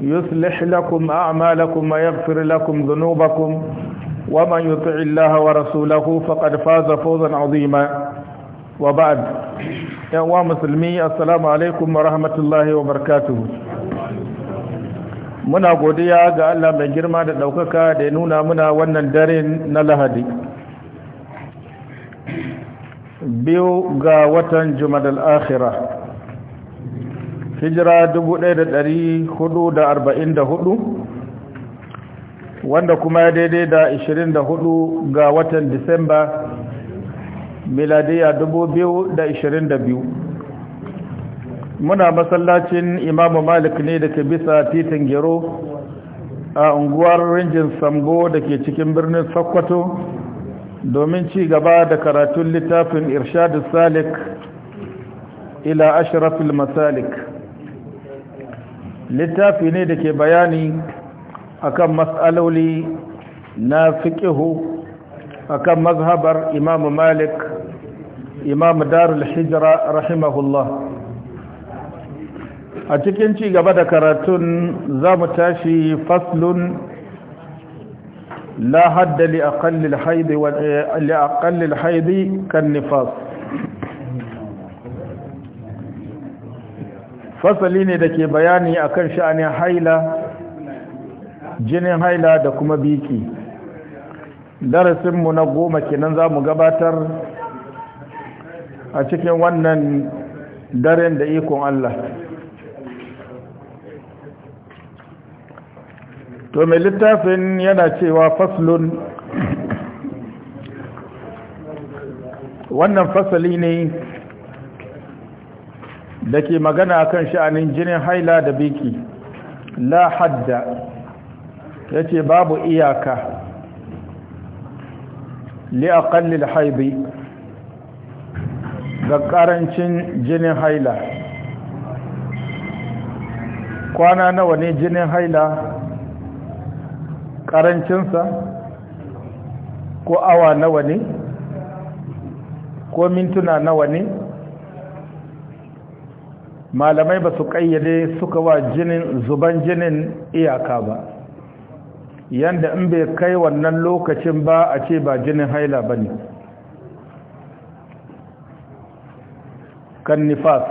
يصلح لكم أعمالكم ويغفر لكم ذنوبكم ومن يطع الله ورسوله فقد فاز فوزا عظيما وبعد يا مسلمي السلام عليكم ورحمة الله وبركاته muna godiya ga Allah mai girma da ɗaukaka da ya nuna muna wannan dare na lahadi biyu ga watan jumadal akhirah hijira 1444 wanda kuma ya daidai da 24 ga watan disamba miladiya 2022 muna masallacin imamu malik ne da ke bisa titin gero a unguwar rinjin sambo da ke cikin birnin sokoto domin ci gaba da karatun littafin irshadu salik ila ashirafil masalik littafi ne da ke bayani akan matsaloli na fiƙihu akan mazhabar imamu malik imamu darul hijira rahimahullah a cikin ci gaba da karatun za mu tashi faslun la hadda a aqallil haidi eh, kan nifas fasali ne da ke bayani a kan sha'anin haila jinin haila da kuma biki darasinmu na goma kenan za mu gabatar a cikin wannan daren da ikon Allah to mai littafin yana cewa faslun wannan fasali ne da ke magana kan sha'anin jinin haila da biki la hadda ya ce babu iyaka li'akallil haibi ga ƙarancin jinin haila kwana nawa ne jinin haila ƙarancinsa ko awa nawa ne ko mintuna nawa ne malamai ba su kayyade suka wa jinin zuban jinin iyaka ba yanda in bai kai wannan lokacin ba a ce ba jinin haila ba ne kan nifas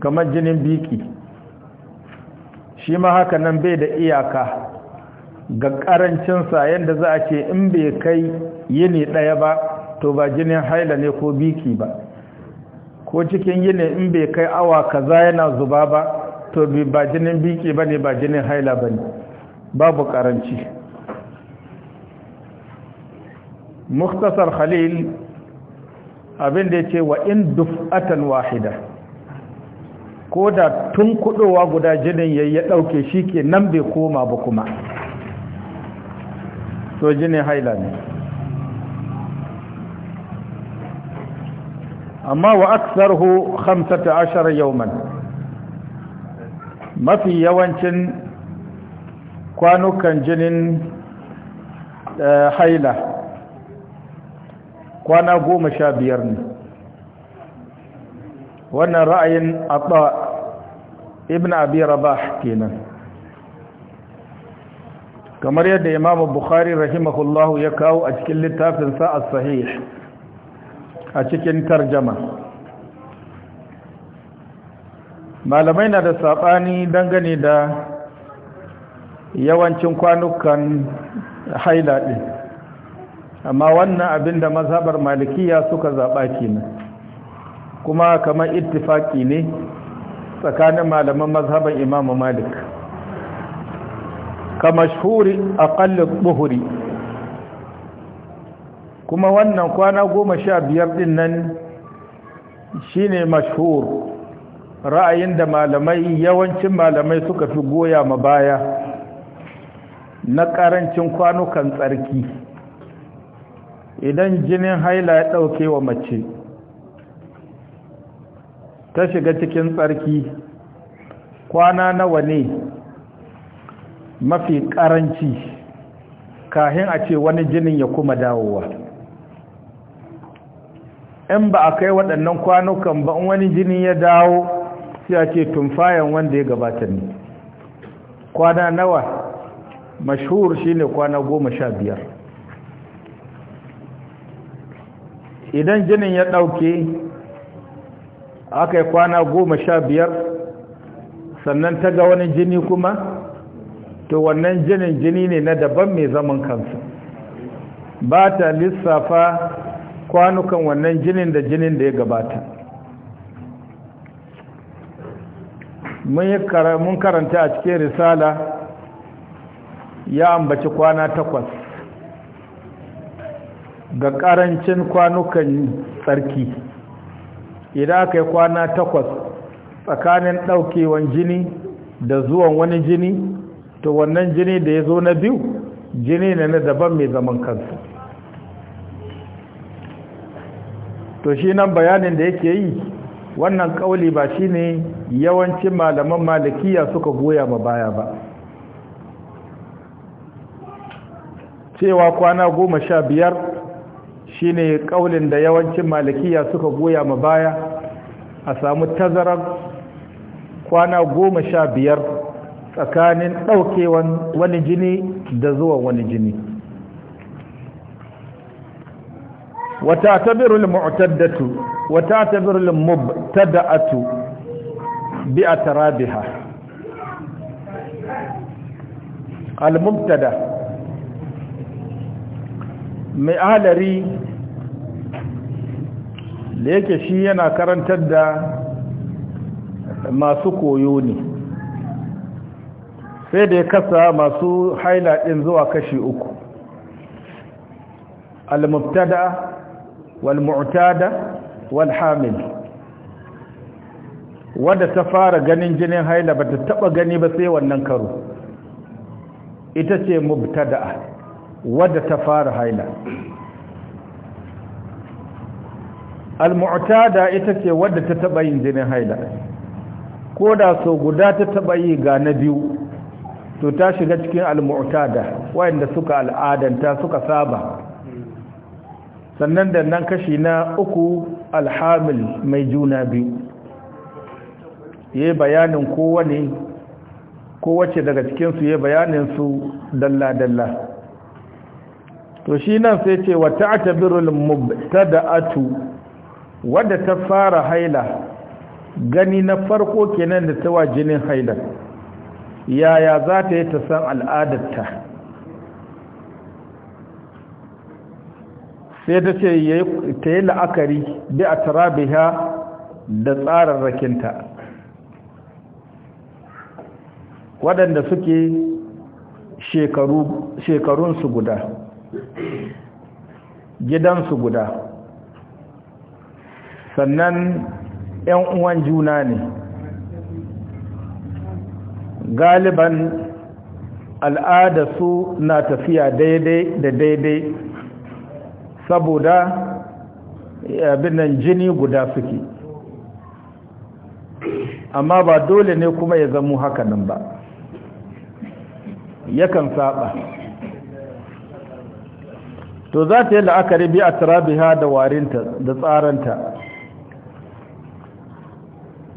kamar jinin biki shi ma haka nan bai da iyaka ga karancinsa yadda za a ce in bai kai yini ɗaya ba to ba jinin haila ne ko biki ba ko cikin yini in bai kai awa kaza yana zuba ba to ba jinin biki bane ba jinin haila bane babu karanci muktasar khalil abin da yace wa in duf'atan wahida ko da tun kudowa guda jinin yayi ya dauke shike nan bai koma ba kuma to jinin haila ne amma wa aksarhu 15 yawman mafi yawancin kwanukan jinin haila kwana goma sha biyar ne wannan ra'ayin abba ibn abi rabah kenan kamar yadda imamu bukhari rahimahullahu ya kawo a cikin littafinsa a sahih a cikin tarjama malamai na da saɓani dangane da yawancin kwanukan haila ɗin amma wannan abin da mazhabar malikiya suka zaɓa kenan kuma kamar ittifaki ne tsakanin malaman mazhaban imamu malik ka a ƙallon buhuri kuma wannan kwana goma sha biyar din nan shi ne mashhur ra'ayin da malamai yawancin malamai suka fi goya ma baya na ƙarancin kwanukan tsarki idan jinin haila ya ɗauke wa mace ta shiga cikin tsarki kwana nawa ne mafi ƙaranci kahin a ce wani jinin ya kuma dawowa in ba a kai waɗannan kwanukan ba in wani jini ya dawo sai a ce tumfayan wanda ya gabata ne kwana nawa mashhur shine kwana goma sha biyar idan jinin ya ɗauke aka yi kwana goma sha biyar sannan ta ga wani jini kuma to wannan jinin jini ne na daban mai zaman kansa ba ta lissafa kwanukan wannan jinin da jinin da ya gabata mun karanta a cikin risala ya ambaci kwana takwas ga karancin kwanukan tsarki idan aka yi kwana takwas tsakanin ɗaukewan jini da zuwan wani jini to wannan jini da ya zo na biyu jini ne na daban mai zaman kansa to shi nan bayanin da yake yi wannan kauli ba shi ne yawancin malaman malikiya suka goya ma baya ba cewa kwana goma sha biyar shi ne kaulin da yawancin malikiya suka goya ma baya a samu tazarar kwana goma sha biyar tsakanin ɗaukewan wani jini da zuwan wani jini وتعتبر المعتدة وتعتبر المبتدأة بأترابها المبتدأ mai ahalari da yake shi yana karantar da masu koyo ne sai da ya kasa masu haila zuwa kashi uku al-mubtada walmu'tada walhamil wadda ta fara ganin jinin haila ba ta taba gani ba sai wannan karo ita ce mubtada'a wadda ta fara haila almu'tada ita ce wadda ta taba yin jinin haila koda da so guda ta taba yi ga na biyu to ta shiga cikin almu'tada wayanda suka al'adanta suka saba sannan da nan kashi na uku alhamil mai juna biyu ya yi bayanin kowane kowace daga cikinsu ya yi su dalla-dalla to shi nan sai ce wata atabirul atu, wadda ta fara haila gani na farko kenan da ta wa jinin haila yaya za ta yi ta san al'adarta sai ta ce ta yi la'akari bi a tarabiha da tsararrakinta waɗanda suke shekarunsu guda gidansu guda sannan 'yan uwan juna ne galiban al'adarsu na tafiya daidai da daidai saboda eh, abin nan jini guda suke amma ba dole ne kuma ya zamo nan ba yakan saba to za ta yi la'akari bi a tarabiha da warinta da tsaranta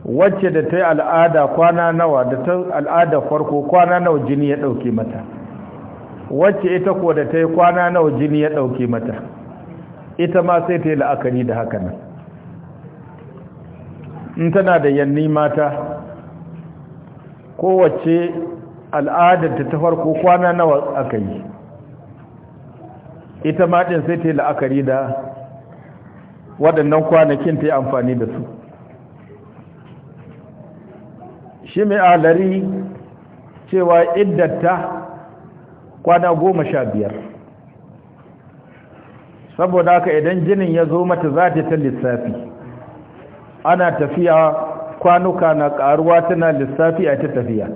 wacce da ta yi al'ada kwana nawa da ta al'ada farko kwana nawa jini ya ɗauke mata wacce ita ko da ta yi kwana nawa jini ya ɗauke mata ita ma sai ta yi la'akari da haka nan in tana da yanni mata kowace al'adarta ta farko kwana nawa aka yi ita matin sai ta yi la'akari da waɗannan kwanakin ta yi amfani da su shi mai alari cewa iddata kwana goma sha biyar saboda haka idan jinin ya zo mata za ta ta lissafi ana tafiya kwanuka na karuwa tana lissafi a ta tafiya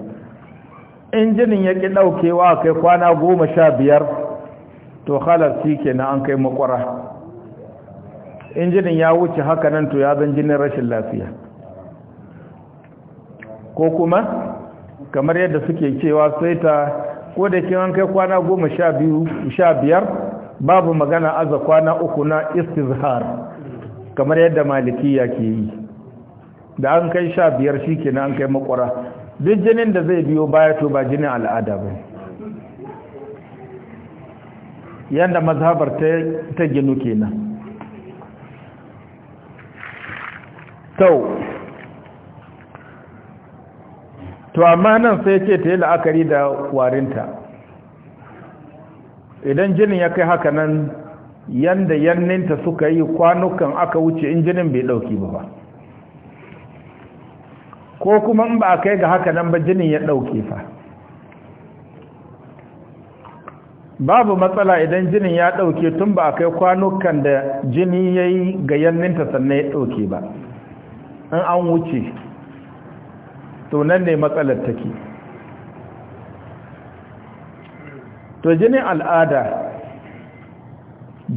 in jinin ya ƙi ɗaukewa kai kwana goma sha biyar to halarci ke na an kai makwara in jinin ya wuce haka nan to ya zan jinin rashin lafiya ko kuma kamar yadda suke cewa sai ta ko an kai kwana goma sha biyar babu magana aza kwana uku na istizhar kamar yadda malikiya ke yi da an kai sha biyar shi ke an kai makwara duk jinin da zai biyo baya to ba jinin al'ada ba yadda mazhabar ta ginu kenan tau to amma nan sai ce ta yi la'akari da warinta idan jinin ya kai haka nan yanda yanninta suka yi kwanukan aka wuce in jinin bai dauki ba ko kuma in ba a kai ga haka nan ba jinin ya dauke fa babu matsala idan jinin ya dauke tun ba a kai kwanukan da jini ya yi ga yanninta sannan ya dauke ba in an wuce to nan ne matsalar take to jinin al'ada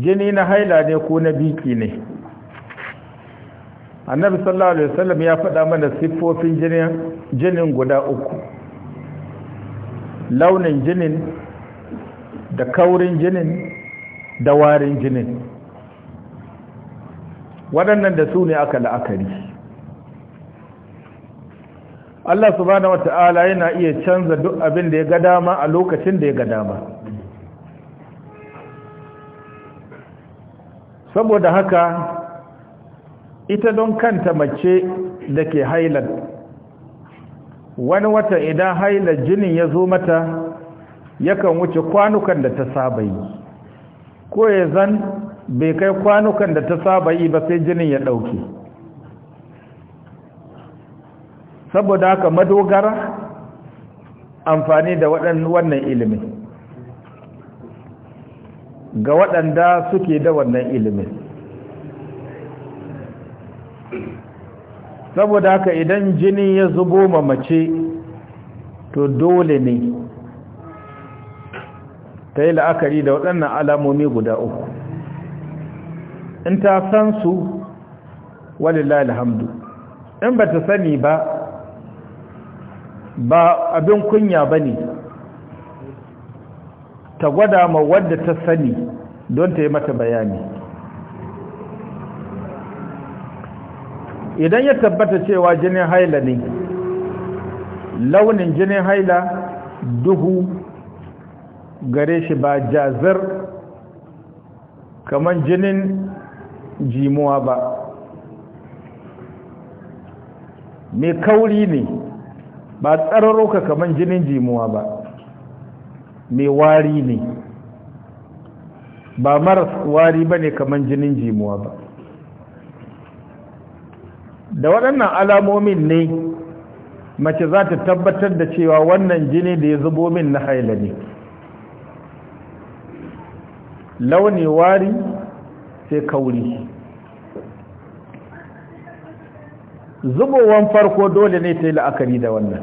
jini na haila ne ko na biki ne annabi sallallahu alaihi wasallam ya faɗa mana siffofin jinin jinin guda uku launin jinin da kaurin jinin da warin jinin waɗannan da su ne aka la'akari Allah subhanahu wata'ala yana iya canza duk abin da ya ga dama a lokacin da ya ga dama saboda haka ita don kanta mace da ke hailar wani wata idan hailar jinin ya zo mata yakan wuce kwanukan da ta saba yi ko zan bai kai kwanukan da ta saba yi ba sai jinin ya ɗauke saboda haka madogara amfani da wannan ilimi ga waɗanda suke da wannan ilimi saboda haka idan jini ya zubo ma mace to dole ne ta yi la'akari da waɗannan alamomi guda uku in ta san su walillahi alhamdu in ba ta sani ba ba abin kunya ba ne ta gwada ma wadda ta sani don ta yi mata bayani idan ya tabbata cewa jinin haila ne launin jinin haila duhu gare shi ba jazir kamar jinin jimuwa ba mai kauri ne ba roka kaman jinin jimuwa ba mai wari ne ba maras wari ba ne kaman jinin jimuwa ba da waɗannan alamomin ne mace za ta tabbatar da cewa wannan jini da ya zubo min na haila ne launi wari sai kauri zubowan farko dole ne ta yi la'akari da wannan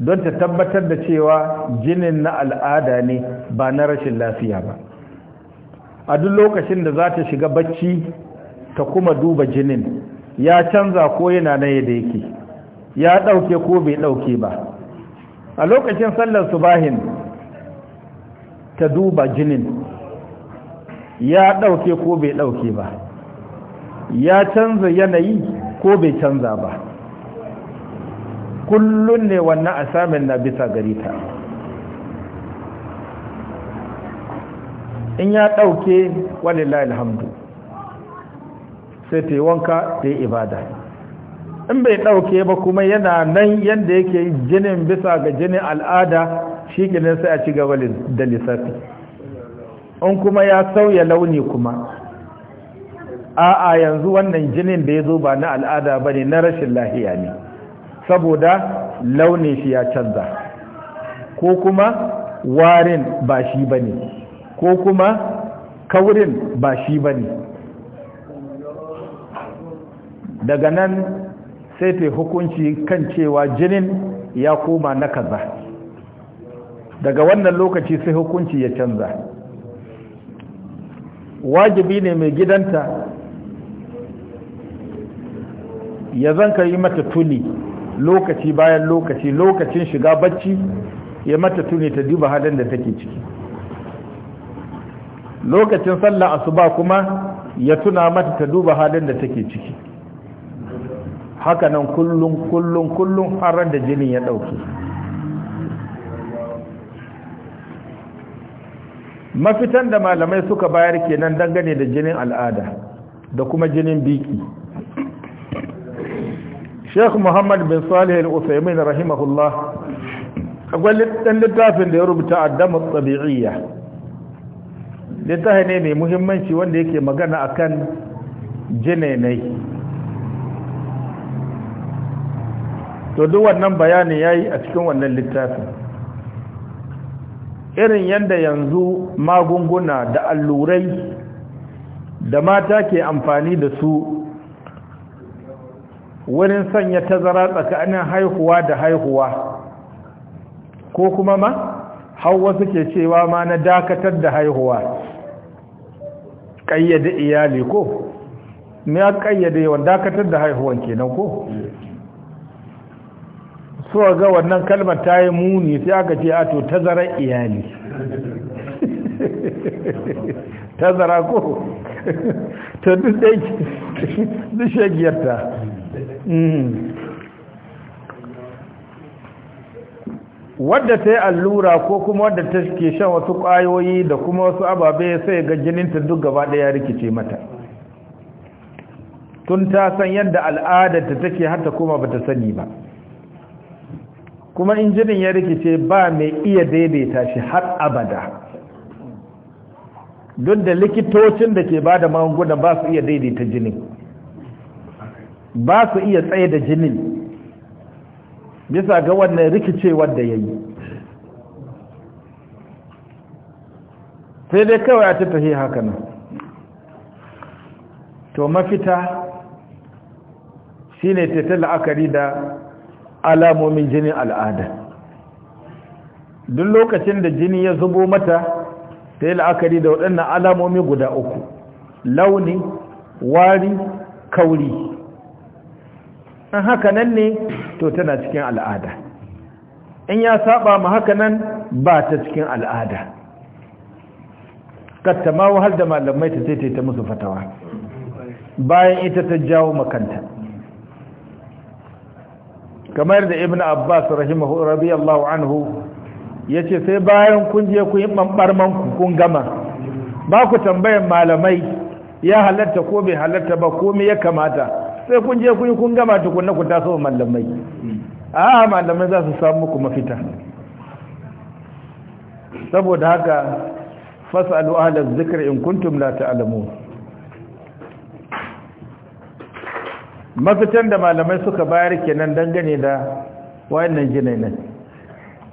don ta tabbatar da cewa jinin na al'ada ne ba na rashin lafiya ba a duk lokacin da za ta shiga bacci ta kuma duba jinin ya canza ko yana na yadda yake ya ɗauke ko bai ɗauke ba a lokacin sallar subahin ta duba jinin ya ɗauke ko bai ɗauke ba ya canza yanayi ko bai canza ba kullum ne wannan asamin na bisa gari ta in ya ɗauke walila alhamdu sai ta yi wanka ta yi ibada in bai ɗauke ba kuma yana nan yadda yake jinin bisa ga jinin al'ada shi ginin sai a ci gaba da lissafi in kuma ya sauya launi kuma a'a yanzu wannan jinin da ya zo ba na al'ada ba ne na rashin lahiya ne saboda launin shi ya canza ko kuma warin ba shi ba ne ko kuma kaurin ba shi ba ne daga nan sai ta hukunci kan cewa jinin ya koma na kaza daga wannan lokaci sai hukunci ya canza wajibi ne mai gidanta ya zan ka yi mata tuni lokaci bayan lokaci lokacin shiga bacci ya mata tuni ta duba halin da take ciki lokacin sallah asuba kuma ya tuna mata ta duba halin da take ciki hakanan kullum kullum kullum har da jini ya dauke mafitan da malamai suka bayar kenan dangane da jinin al'ada da kuma jinin biki sheikh muhammad bin salih al-usaimin rahimahullah akwai ɗan littafin da ya rubuta addamar tsabi'iyya littafi ne mai muhimmanci wanda yake magana akan jinenai to duk wannan bayanin yayi a cikin wannan littafin irin yanda yanzu magunguna da allurai da mata ke amfani da su wurin sanya tazara tsakanin haihuwa da haihuwa ko kuma ma hauwa suke cewa ma na dakatar da haihuwa ƙayyade iyali ko me ya ƙayyade yawan dakatar da haihuwan kenan ko suwa ga wannan kalmar ta yi muni sai aka ce a to tazarar iyali tazara ko ta duk ɗaiki duk shagiyarta Mm. wadda ta yi allura ko kuma wadda ta ke shan wasu ƙwayoyi da kuma wasu ababe sai ga ta duk gaba ɗaya rikice mata tun ta san yadda ta take hata kuma ba ta sani ba kuma in jinin ya rikice ba mai iya daidaita shi har abada duk da likitocin da ke ba da magungunan ba su iya daidaita jinin ba su iya tsaye da jinin bisa ga wannan rikicewar da ya yi sai dai kawai a tafi haka nan to mafita shine tattala la'akari da alamomin jinin al'ada duk lokacin da jini ya zubo mata ta yi la'akari da waɗannan alamomi guda uku launi wari kauri in haka nan ne to tana cikin al'ada in ya saba ma haka nan ba ta cikin al'ada katta ma wahal da malamai ta zai ta musu fatawa bayan ita ta jawo makanta kamar da ibn abbas rahimahu radiyallahu anhu yace sai bayan kun je ku yi man ku kun gama ba ku tambayan malamai ya halatta ko bai halatta ba ko me ya kamata sai kun je kun yi kun gama tukunna ku taso mallamai hmm. a ah, malamai za su samu muku mafita saboda haka fasalu ahlaz zikir in kuntum la alamu. mafitan da malamai suka bayar kenan dangane da wayannan jinai ne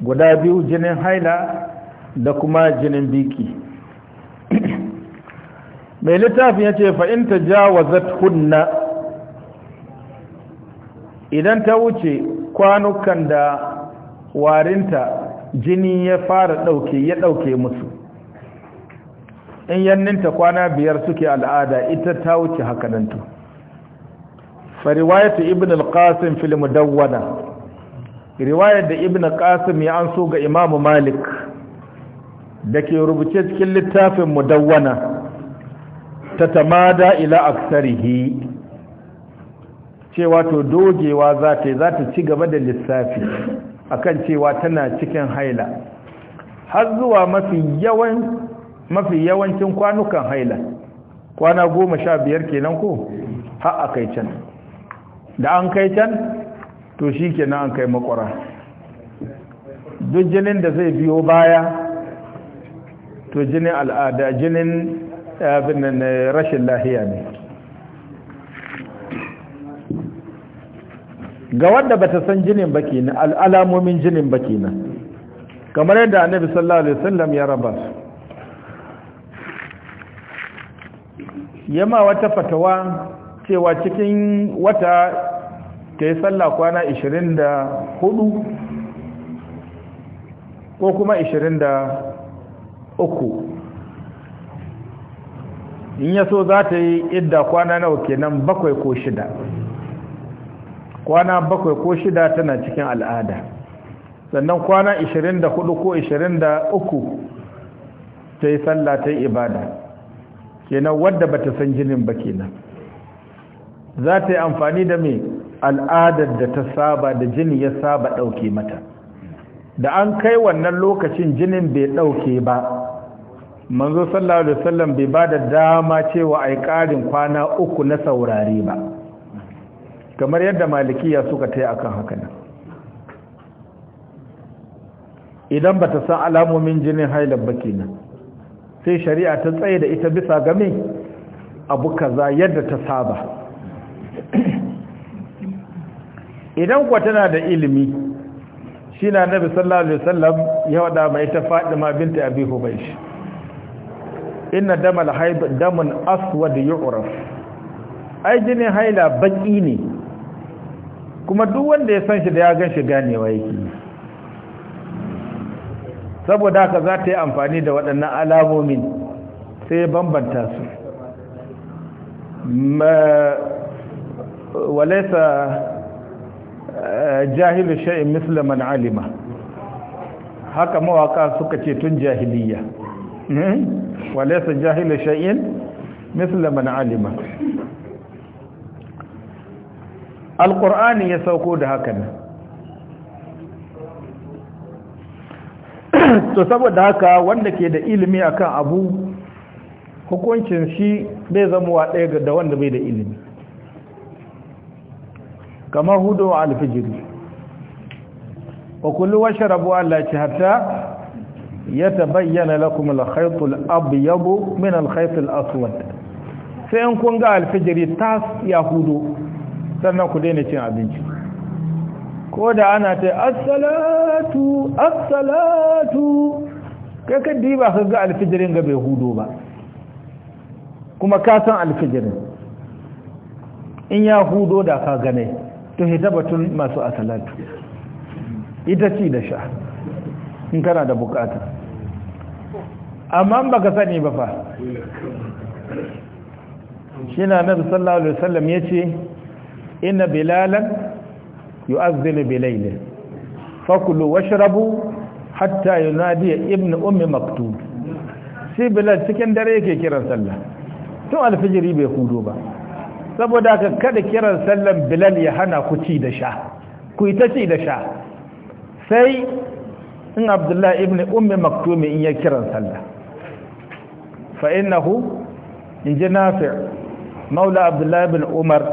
guda biyu jinin haila da kuma jinin biki mai littafin yace fa in zat hunna idan ta wuce kwanukan da warinta jini ya fara ɗauke ya ɗauke musu in yanninta kwana biyar suke al'ada ita ta wuce hakanantu fariwayatu ibn al-qasim fil mudawwana riwayar da ibn qasim ya anso ga Imam malik da ke rubuce cikin littafin mudawwana tatamada ila aksarihi cewa to dogewa za ta za ta ci gaba da lissafi akan cewa tana cikin haila har zuwa mafi yawancin kwanukan haila kwana goma sha biyar kenan ko har a kai can da an kai can to shi kenan an kai makwara duk jinin da zai biyo baya to jinin al'ada jinin eh, eh, rashin lahiya ne ga wanda bata san jinin ba kenan al'alamomin jinin ba kenan kamar yadda annabi sallallahu alaihi wasallam ya raba su yama wata fatawa cewa cikin wata ta yi sallah kwana 24 ko kuma 23 in yaso za ta yi idda kwana nawa kenan bakwai ko shida kwana bakwai ko shida tana cikin al'ada sannan kwana 24 ko 23 ta yi tsalla ta yi ibada kenan wadda ba ta san jinin ba kenan za ta yi amfani da mai al'adar da ta saba da jini ya saba ɗauke mata da an kai wannan lokacin jinin bai ɗauke ba manzo sallallahu alaihi wasallam bai ba da dama cewa ai ƙarin kwana uku na saurare ba kamar yadda malikiya suka ta taya akan haka nan idan ba ta san alamomin jinin hailar ba kenan sai shari'a ta tsaye da ita bisa game abu kaza yadda ta saba idan kuwa tana da ilimi shi na nabi sallallahu alaihi wasallam ya wada mai ta fadima binta abi hubaysh inna damal haid damun aswad yu'raf ai jinin haila baki ne kuma duk wanda ya san shi da ya gan shi ganewa yake saboda haka za ta yi amfani da waɗannan alamomin sai ya bambanta su walaisa eh, jahilu sha'in musulman alima haka mawaka suka ce tun jahiliya hmm? walaisa jahilu sha'in musulman alima alƙur'ani ya sauko da haka ne to saboda haka wanda ke da ilimi akan abu hukuncin shi bai zamuwa ɗaya da wanda bai da ilimi kamar hudu wa alfijiri wa kullu washrabu allati hatta yatabayyana lakum al-khayt min alkhayt alaswad sai aswad sai kun ga alfijiri tas hudu. sannan ku daina cin abinci ko da ana ta assalatu assalatu kai ka diba ka ga alfijirin ga bai hudo ba kuma ka san alfijirin in ya hudo da ka gane to hita batun masu asalatu ita ci da sha in kana da bukata amma ba ka sani ba fa shi na nabi sallallahu alaihi wasallam ya ce inna bilalan yu'azzinu bilayli fakulu washrabu hatta yunadi ibnu ummi maktub sai bilal cikin dare yake kiran sallah tun alfijiri bai hudu ba saboda ka kada kiran sallan bilal ya hana ku ci da sha ku yi ta ci da sha sai in abdullahi ibn ummi maktumi in ya kiran sallah fa innahu in ji nafi maula abdullahi ibn umar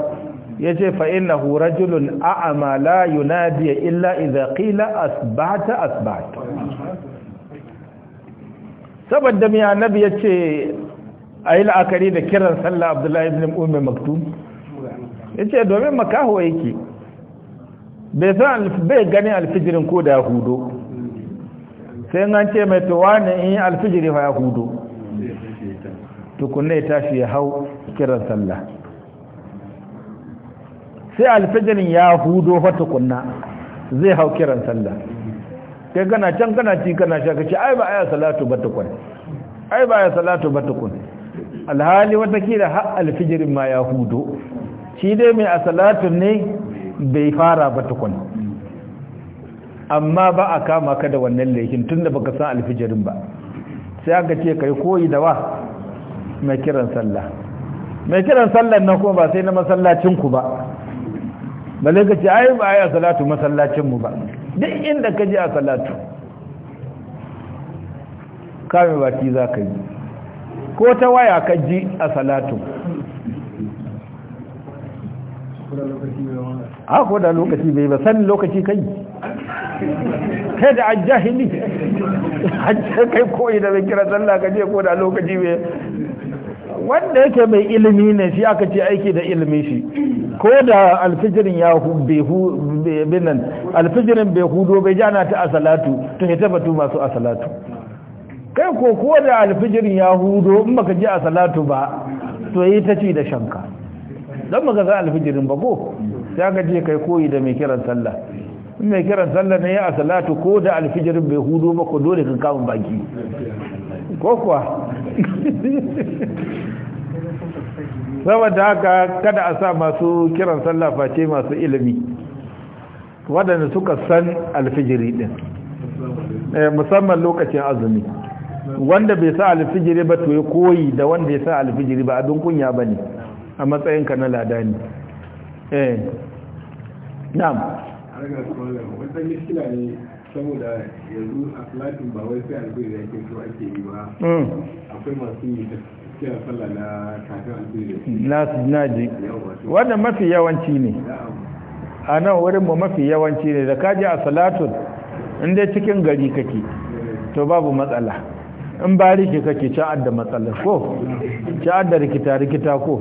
ya ce fa'innahu rajulun a'ama la yunadiya illa idha asbata asbata saboda mai annabi ya ce a yi la'akari da kiran sallah abdullahi ibn umar maktum ya ce domin makaho yake bai san bai ganin alfijirin ko da hudu sai an ce mai towa ne in alfijiri ya hudo tukunne tashi ya hau kiran sallah sai alfajirin ya hudo fata kunna zai hau kiran sallah kai gana can gana ci gana sha kace ai ba aya salatu ba tukun ai ba aya salatu ba tukun alhali wata kila har alfajirin ma ya hudo shi dai mai a salatu ne bai fara ba tukun amma ba a kama ka da wannan laifin tunda baka san alfijirin ba sai aka ce kai koyi da wa mai kiran sallah mai kiran sallar nan kuma ba sai na masallacin ku ba balle ka ce ai ba ai a salatu masallacin mu ba duk inda ka je a salatu kame baki za ka yi ko ta waya ka ji a salatu a ko da lokaci bai ba san lokaci kai kai da ajahili hajjar kai koyi da bai kira sallah ka je ko da lokaci bai wanda yake mai ilimi ne shi aka ce aiki da ilimi shi ko da alfijirin ya binan alfijirin bai hudo bai jana ta asalatu to ya tabbatu masu asalatu kai ko ko da alfijirin ya hudo in baka ji asalatu ba to yi ta ci da shanka don maka za alfijirin ba ko ya ga je kai koyi da mai kiran sallah in mai kiran sallah ne ya asalatu ko da alfijirin bai hudo ba ko dole kan kama baki ko kuwa saboda haka kada a sa masu kiran sallah face masu ilimi waɗanda suka san alfijiri ɗin eh, musamman lokacin azumi wanda bai sa alfijiri ba to ya koyi da wanda ya sa alfijiri ba abin kunya ba ne a matsayinka na lada ne eh na'am ne saboda yanzu a ba wai sai alfijiri ake so ake yi ba akwai masu yi na ji wannan mafi yawanci ne a nan wurin mu mafi yawanci ne da kaji a salatun inda cikin gari kake to babu matsala in bari ke kake ci adda matsalar ko ci adda rikita-rikita ko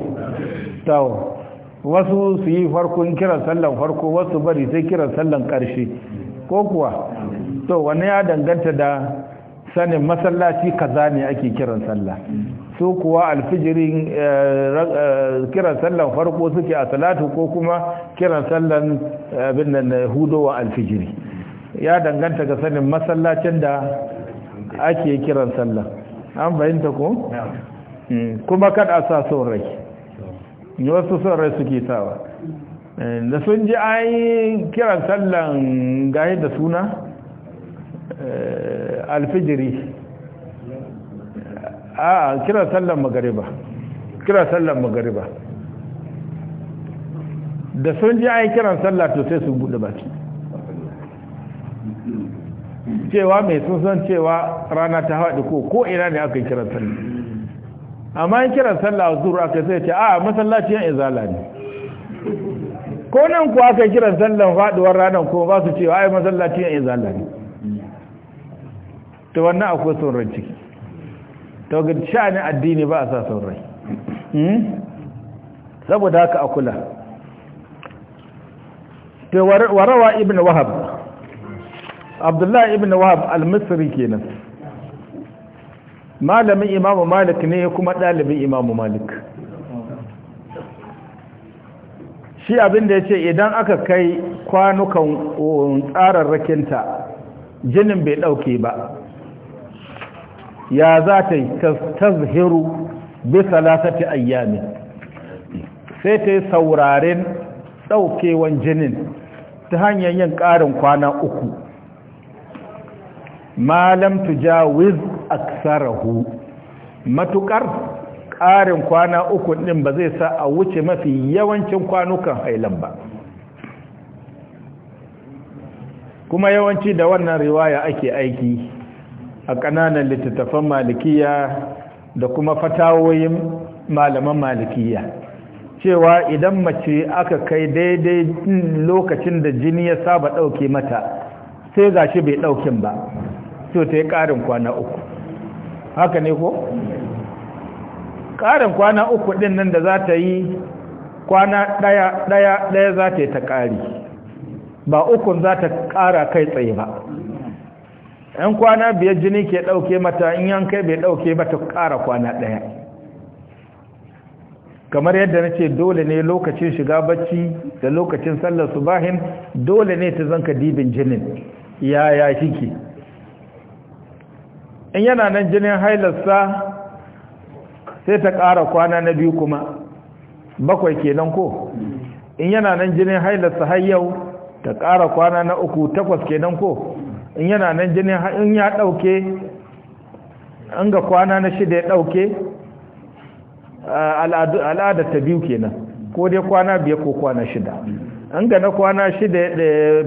tawo wasu su yi farko in kiran sallan farko wasu bari sai kiran sallan ƙarshe ko kuwa to wani ya danganta da sanin masallaci kaza ne ake kiran sallah su kuwa alfijirin eh, eh, kiran sallan farko suke a salatu ko kuma kiran sallan eh, abin da hudowa alfijiri ya danganta ga sanin masallacin da ake kiran sallah an bayanta ko? Hmm, kuma kada sa son rai wasu son rai suke sawa da sun ji an kiran sallan ga da suna alfijiri a kira sallan magariba kira sallan magariba da sun ji ayi kiran sallah to sai su bude baki cewa mai sun san cewa rana ta haɗu ko ko ina ne aka yi kiran sallah amma yin kiran sallah zuwa aka sai ce a masallaci ya izala ne ko nan ku aka yi kiran sallah faɗuwar ranar ko ba su cewa ai masallaci ya izala ne to wannan akwai sauran ciki to ga sha'anin addini ba a sa sauran hmm? saboda haka a kula to warawa ibn wahab abdullahi ibn wahab al-misri kenan malamin imamu malik ne kuma dalibin imamu malik shi abin da ya ce idan aka kai kwanukan um, tsararrakinta jinin bai dauke ba ya za ta yi tazhiru bi salasati ayyami sai ta yi sauraren ɗaukewan jinin ta hanyar yin ƙarin kwana uku malam tujawiz aksarahu matukar ƙarin kwana uku ɗin ba zai sa a wuce mafi yawancin kwanukan hailan ba kuma yawanci da wannan riwaya ake aiki a ƙananan littattafan malikiya da kuma fatawoyin malaman malikiya cewa idan mace aka kai daidai lokacin da jini ya saba ɗauke mata sai shi bai ɗaukin ba so ta yi ƙarin kwana uku haka ne ko? ƙarin kwana uku ɗin nan da za ta yi kwana ɗaya ɗaya za ta yi ta ƙari ba ukun za ta ƙara kai tsaye ba yan kwana biyar jini ke ɗauke mata in yankai bai ɗauke ba ta ƙara kwana ɗaya kamar yadda na ce dole ne lokacin shiga bacci da lokacin sallar su subahin dole ne ta zanka dibin jinin ya ya kike in yana nan jinin hailarsa sai ta ƙara kwana na biyu kuma bakwai kenan ko in yana nan jinin hailarsa har yau ta ƙara kwana na uku takwas kenan ko in yana nan jini in ya ɗauke an ga kwana na shida ya ɗauke al'ada ta biyu kenan ko dai kwana biya ko kwana shida an ga na kwana shida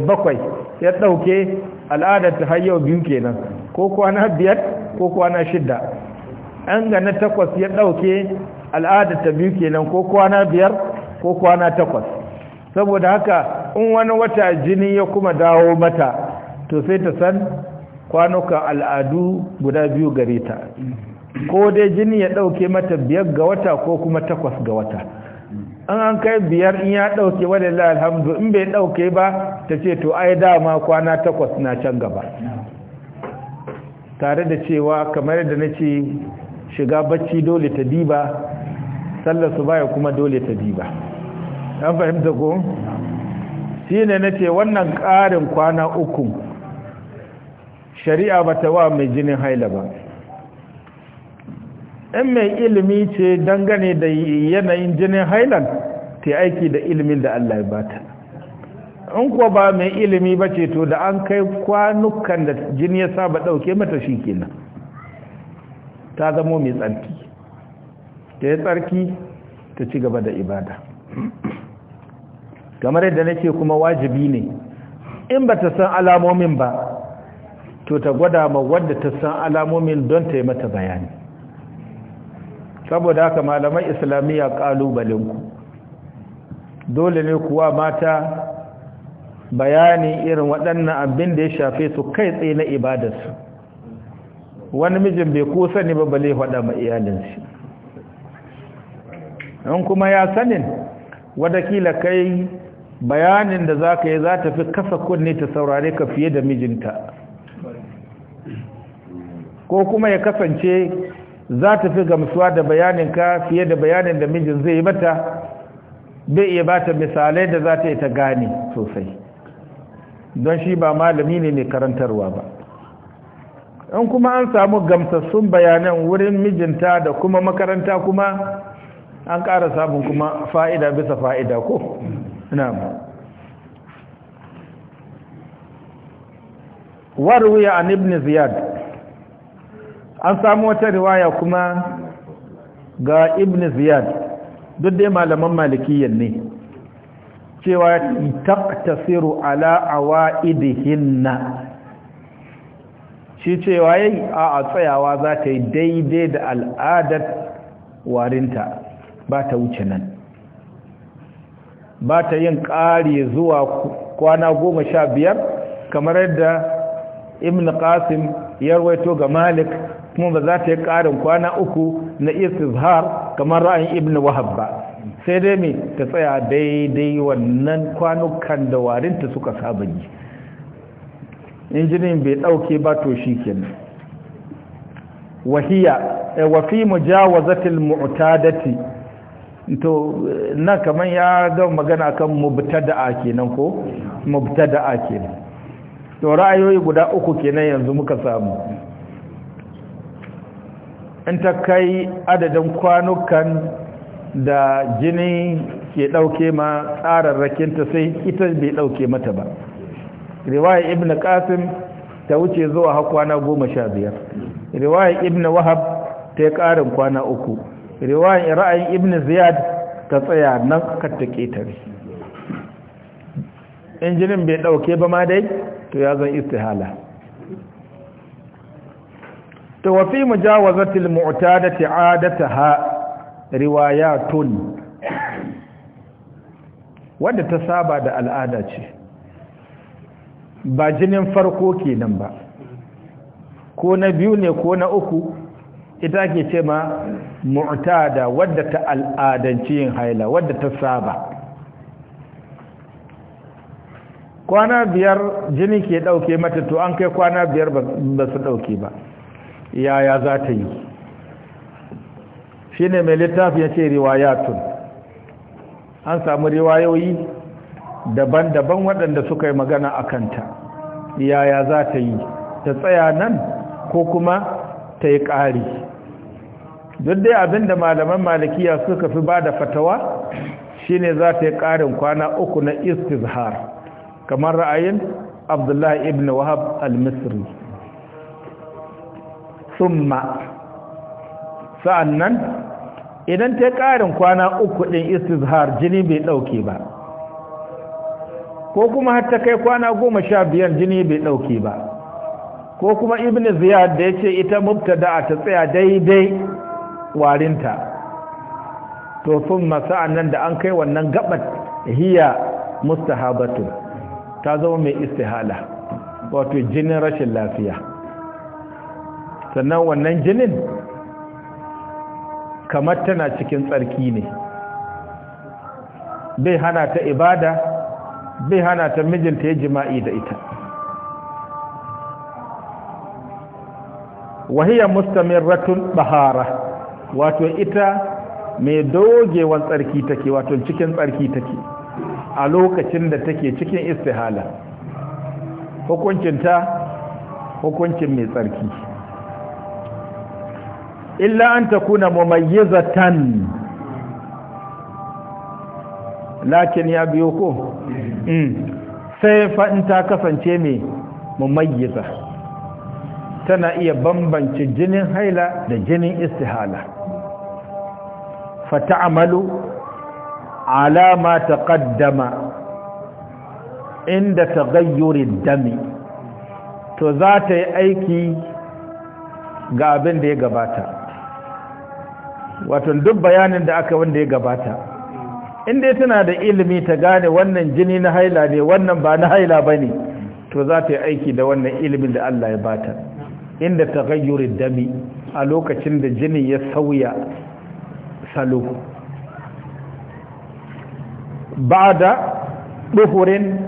bakwai ya ɗauke al'ada ta hayyau biyu kenan ko kwana biyar ko kwana shida an ga na takwas ya ɗauke al'ada ta biyu kenan ko kwana biyar ko kwana takwas saboda haka in wani wata jini ya kuma dawo mata to sai ta san kwanukan al'adu guda biyu gare ta ko dai jini ya ɗauke mata biyar ga wata ko kuma takwas ga wata an an kai biyar in ya ɗauke wadanda alhamdu in bai ɗauke ba ta ce to ai dama kwana takwas na can gaba tare da cewa kamar da na ce shiga bacci dole ta diba sallar su baya kuma dole ta diba an fahimta ko shi ne na ce wannan ƙarin kwana uku shari'a ba ta wa mai jinin haila ba in mai ilimi ce dangane da yanayin jinin hailan ta aiki da ilimin da Allah ya bata in kuwa ba mai ilimi ba ce to da an kai kwanukan da jini ya saba ɗauke mata shi kenan ta zamo mai tsarki ta yi tsarki ta ci gaba da ibada kamar yadda nake kuma wajibi ne in ba ta san alamomin ba to ta gwada ma wadda ta san alamomin don ta yi mata bayani saboda haka malaman islamiyya kalubalenku dole ne kuwa mata bayani irin waɗannan abin da ya shafe su kai tsaye na ibadarsu wani mijin bai ko sani ba bale faɗa ma iyalinsu in kuma ya sanin wadakila kai bayanin da za ka yi za ta fi kasa kunne ta saurare ka fiye da mijinta ko kuma ya kasance za ta fi gamsuwa da bayanin bayaninka fiye da bayanin da mijin zai yi mata bai iya ba ta misalai da za ta yi ta gane sosai don shi ba malami ne mai karantarwa ba in kuma an samu gamsassun bayanan wurin mijinta da kuma makaranta kuma an ƙara samun kuma fa'ida bisa fa'ida ko na'am warwiya an ibn ziyad an samu wata riwaya kuma ga ibn ziyad duk dai malaman malikiyan ne cewa taqtasiru ala awaidihinna shi cewa yayi a a tsayawa za ta yi daidai da al'adar warinta ba ta wuce nan ba ta yin ƙari zuwa kwana goma sha biyar kamar yadda ibn qasim ya rawaito ga malik kuma ba za ta yi karin kwana uku na istizhar kamar ra'ayin ibn wahab ba sai dai me ta tsaya daidai wannan kwanukan da warinta suka saba yi injinin bai dauke ba to shi kenan wahiya eh, wa fi mujawazatil mu'tadati to eh, na kaman ya ga magana kan mubtada'a kenan ko mubtada'a kenan to ra'ayoyi guda uku kenan yanzu muka samu in ta kai adadin kwanukan da jini ke ɗauke ma tsararrakinta sai ita bai ɗauke mata ba riwaya ibn qasim ta wuce zuwa har kwana goma sha biyar riwaya ibn wahab ta yi ƙarin kwana uku riwaya ra'ayin ibn ziyad ta tsaya nan katta ƙetare injinin bai ɗauke ba ma dai to ya zan istihala to wa fi mujawazatil mu'tadati 'adataha riwayatun wanda ta saba da al'ada ce ba jinin farko kenan ba ko na biyu ne ko na uku ita ke ce ma mu'tada wadda ta al'adanci yin haila wadda ta saba kwana biyar jini ke ɗauke mata to an kai kwana biyar ba su ɗauke ba yaya za ta yi shi ne mai littafi ya ce riwayatun an samu riwayoyi daban-daban waɗanda suka yi magana a kanta yaya za ta yi ta tsaya nan ko kuma ta yi ƙari duk dai abinda malaman malikiya suka fi ba da fatawa shine za ta yi ƙarin kwana uku na istizhar kamar ra'ayin abdullahi ibn wahab al-misri summa sa'annan idan ta ƙarin kwana uku ɗin istizhar jini bai ɗauke ba ko kuma har ta kai kwana goma sha biyar jini bai ɗauke ba ko kuma ibn ziyad da ya ce ita mubtada ta tsaya daidai warinta to sun masa'an nan da an kai wannan gabat hiya mustahabatu ta zama mai istihala wato jinin rashin lafiya sannan wannan jinin kamar tana cikin tsarki ne bai hana ta ibada bai hana ta mijinta ya jima'i da ita wahiyar mustamirratun bahara wato ita mai dogewan tsarki take wato cikin tsarki take a lokacin da take cikin istihala hukuncinta hukuncin mai tsarki illa an ta kuna mamayyazatan lakin ya biyo ko mm. sai fa'in ta kasance mai mamayyaza tana iya bambance jinin haila da jinin istihala fata amalu alama taqaddama inda taghayyuri dami to za ta yi aiki ga abin da ya gabata wato duk bayanin da aka wanda ya gabata inda tana da ilimi ta gane wannan jini na haila ne wannan ba na haila ba ne to za ta yi aiki da wannan ilimin da Allah ya bata inda taghayyuri dami a lokacin da jini ya sauya salo ba'da duhurin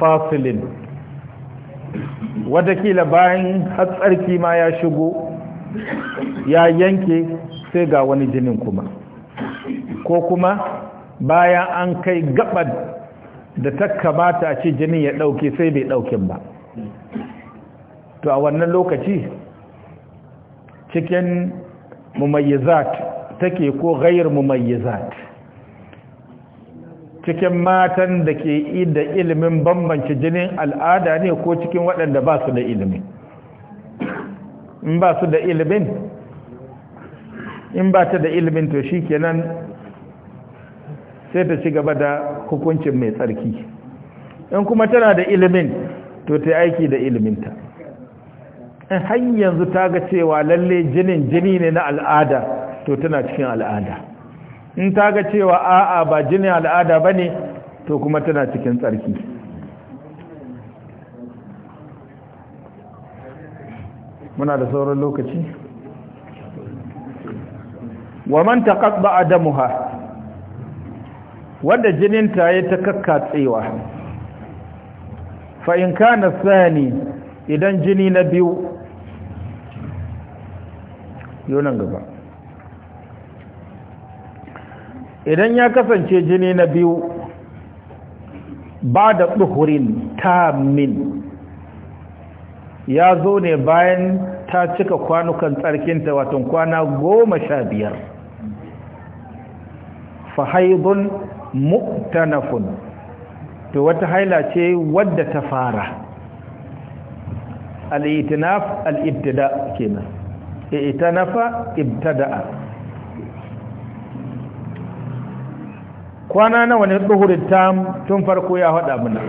fasilin watakila bayan hatsarki ma ya shigo ya yanke sai ga wani jinin kuma ko kuma bayan an kai gabar da ta kamata a ce jinin ya dauke sai bai daukin ba to a wannan lokaci cikin mumayyizat take ko ghayr mumayyizat cikin matan da ke da ilimin bambance jinin al'ada ne ko cikin waɗanda ba su da ilimin in ba su da ilimin in ba ta da ilimin to shi kenan sai ta ci gaba da hukuncin mai tsarki in kuma tana da ilimin to ta aiki da iliminta in har yanzu ta ga cewa lalle jinin jini ne na al'ada to tana cikin al'ada in ta ga cewa a'a ba jinin al'ada ba ne to kuma tana cikin tsarki muna da sauran lokaci wa man taqabba adamuha wanda jinin ta yi ta kakkatsewa fa in kana sani idan jini na biyu nan gaba idan ya kasance jini na biyu ba da ɗuhurin tamin ya zo ne bayan ta cika kwanukan tsarkinta watan kwana goma sha biyar fahaibun muktanafun to wata haila ce wadda ta fara al-itinaf al-ibtida kenan itanafa ibtada'a kwana nawa ne duhurin tam tun farko ya haɗa hamsa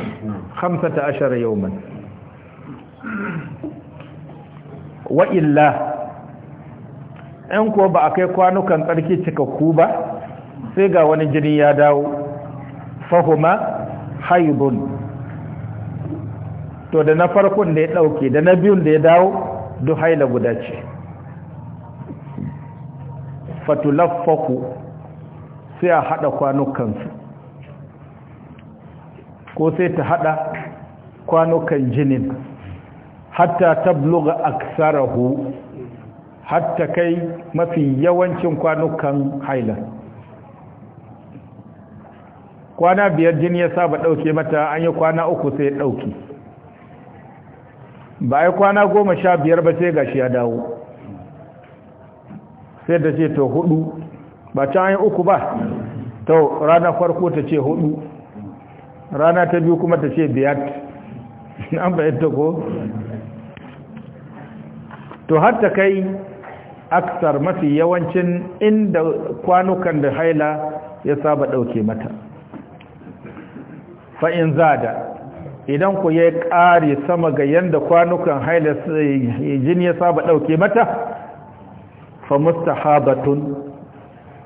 hamsata ashara yau wa illa ‘yan kuwa ba a kai kwanukan tsarki cika ku ba sai ga wani jini ya dawo fahuma haibun to da na farkon da ya ɗauke da na biyun da ya dawo duk haila guda ce fatulaffaku sai a hada kwanukansu ko sai ta hada kwanukan jinin hatta tabluga aksarahu hatta kai mafi yawancin kwanukan haila kwana biyar jini ya saba dauke mata an yi kwana uku sai dauke ba ai kwana goma sha biyar ba sai gashi ya dawo sai da ce to hudu ba ta yi uku ba to rana farko ta ce hudu rana ta biyu kuma ta ce biyat an bayyanta ko to har ta kai aksar mafi yawancin inda kwanukan da haila ya saba ɗauke mata fa'in zada idan ku ya ƙare sama ga yadda kwanukan haila jini ya saba ɗauke mata fa mustahabatun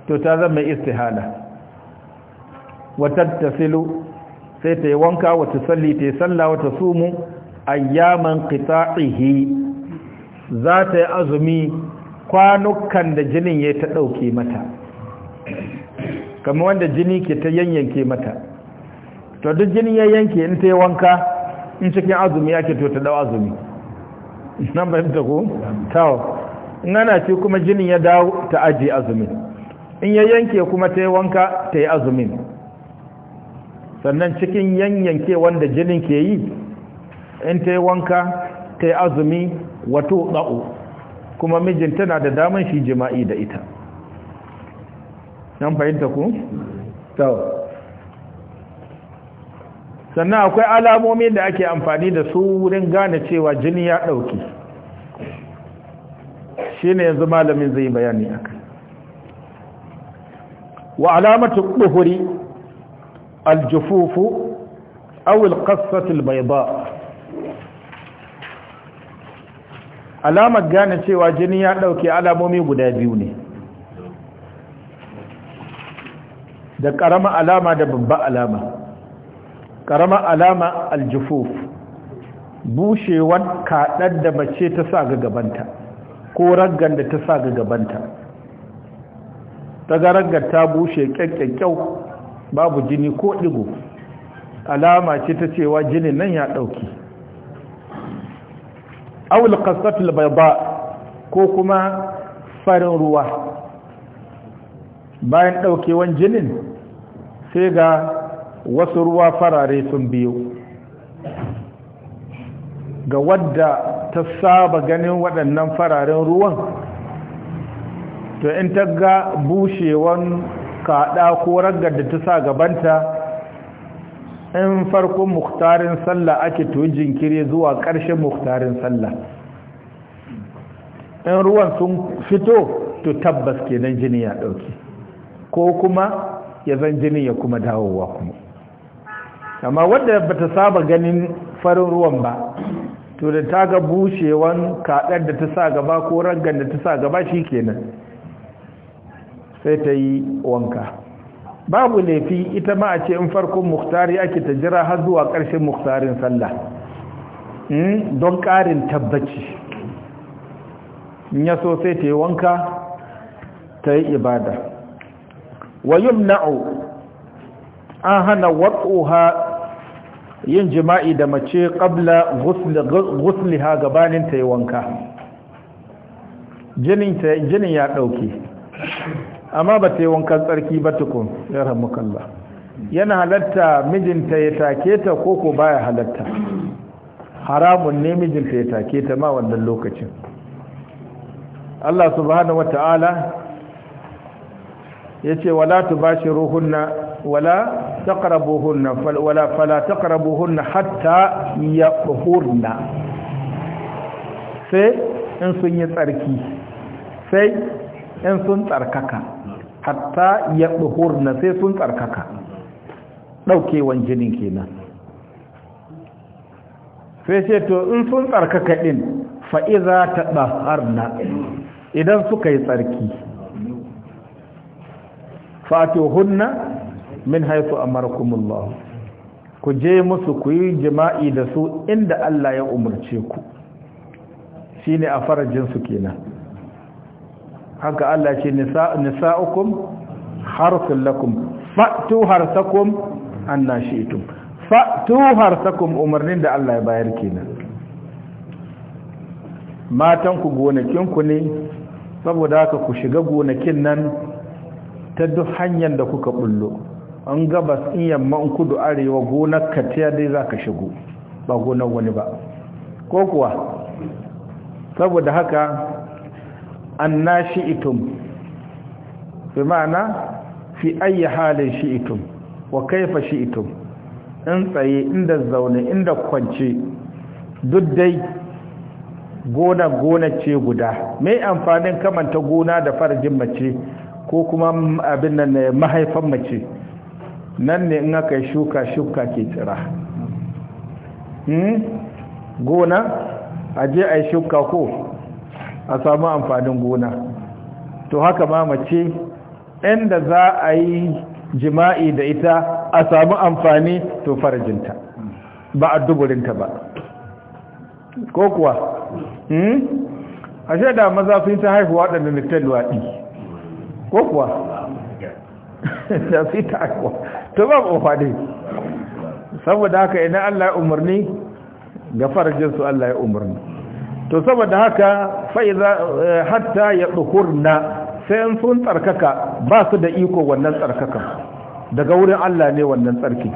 to ta zama istihala wa tattasilu sai ta yi wanka wa salli, ta yi sallah wa sumu, ayyaman qita'ihi za ta yi azumi kwanukan da jinin ya ta dauke mata kamar wanda jini ke ta yanyanke mata to duk jini ya yanke in ta yi wanka in cikin azumi ake to ta dau azumi nan bayan ta ko tawo in ana ce kuma jinin ya dawo ta aji azumin in ya yanke kuma ta yi wanka ta yi azumin sannan cikin yanyanke wanda jinin ke yi in ta yi wanka ta yi azumi wato ɗa'u kuma mijin tana da daman shi jima'i da ita Yan fahimta ku? sannan akwai alamomi da ake amfani da su wurin gane cewa jini ya ɗauki shi ne yanzu malamin zai bayani akai wa alamatu ɗuhuri الجفوف أو القصة البيضاء alamar gane cewa jini ya ɗauke alamomi guda biyu ne da ƙarama alama da babba alama ƙarama alama aljufuf bushewan kaɗar da mace ta sa ga gabanta ko raggan da ta sa ga gabanta ta ga raggar ta bushe kyakkyau babu jini ko ɗigo alama ce ta cewa jinin nan ya ɗauki awul kasatul ba ko kuma farin ruwa bayan ɗaukewan jinin sai ga wasu ruwa farare sun biyo. ga wadda ta saba ganin waɗannan fararen ruwan to in ta ga bushewan kaɗa ko raggar da ta sa gabanta in farkon muhtarin sallah ake to jinkiri zuwa ƙarshen muhtarin sallah in ruwan sun fito to tabbas kenan jini ya ɗauki ko kuma ya zan jini ya kuma dawowa kuma amma wadda ba ta saba ganin farin ruwan ba to da ta ga bushewan kaɗar da ta sa gaba ko raggar da ta sa gaba shi kenan sai ta yi wanka babu laifi ita ma a ce in farkon muktari ake ta jira har zuwa ƙarshen muktarin sallah hmm? don ƙarin tabbaci ya so sai ta yi wanka ta yi ibada wayum Na'u an hana ha yin jima'i da mace ƙabla gusliha gabanin ta yi wanka jinin ya ɗauke amma ba ta yi wankan tsarki ba tukun ya kalla. yana halatta mijinta ya take ta ko ko baya halatta haramun ne mijinta ya take ta ma wannan lokacin Allah subhanahu Ta'ala ya ce wala tu ruhunna wala taqrabuhunna wala fala taqrabuhunna hatta yaqhurna sai in sun yi tsarki sai in sun tsarkaka hatta ya na sai sun tsarkaka ɗaukewan jinin kenan sai ce to in sun tsarkaka ɗin fa'iza ta na idan suka yi tsarki hunna min haifu amarkumullahu ku je musu ku yi jima'i da su inda Allah ya umarce ku shine a farajinsu kenan haka Allah ce nisa'ukum harsul lakum fa'tu harsakum anna shi'tum fa'tu harsakum umarnin da Allah ya bayar kenan matan ku gonakin ku ne saboda haka ku shiga gonakin nan ta duk hanyar da kuka bullo an gabas in yamma in kudu arewa gonar ka ta dai zaka shigo ba gonar wani ba ko kuwa saboda haka anna shi'itum bi ma'ana fi ayi halin shi'itum wa kaifa shi'itum in tsaye inda zaune inda kwance duk dai gona gona ce guda mai amfanin kamanta gona da farjin mace ko kuma abin nan eh, mahaifan mace nan ne in aka shuka shuka ke tsira hmm? gona a je a yi shuka ko a samu amfanin gona to haka ma mace inda za a yi jima'i da ita a samu amfani to farajinta ba a duburinta ba ko kuwa hmm? a shaida maza sun ta haifu waɗanda miftar luwaɗi ko kuwa da su ta haifuwa to ba ƙofa dai saboda haka ina allah ya umarni ga farajinsu allah ya umarni to saboda haka fa'iza eh, hatta ya dukurna sai sun tsarkaka ba su da iko wannan tsarkakan daga wurin Allah ne wannan tsarki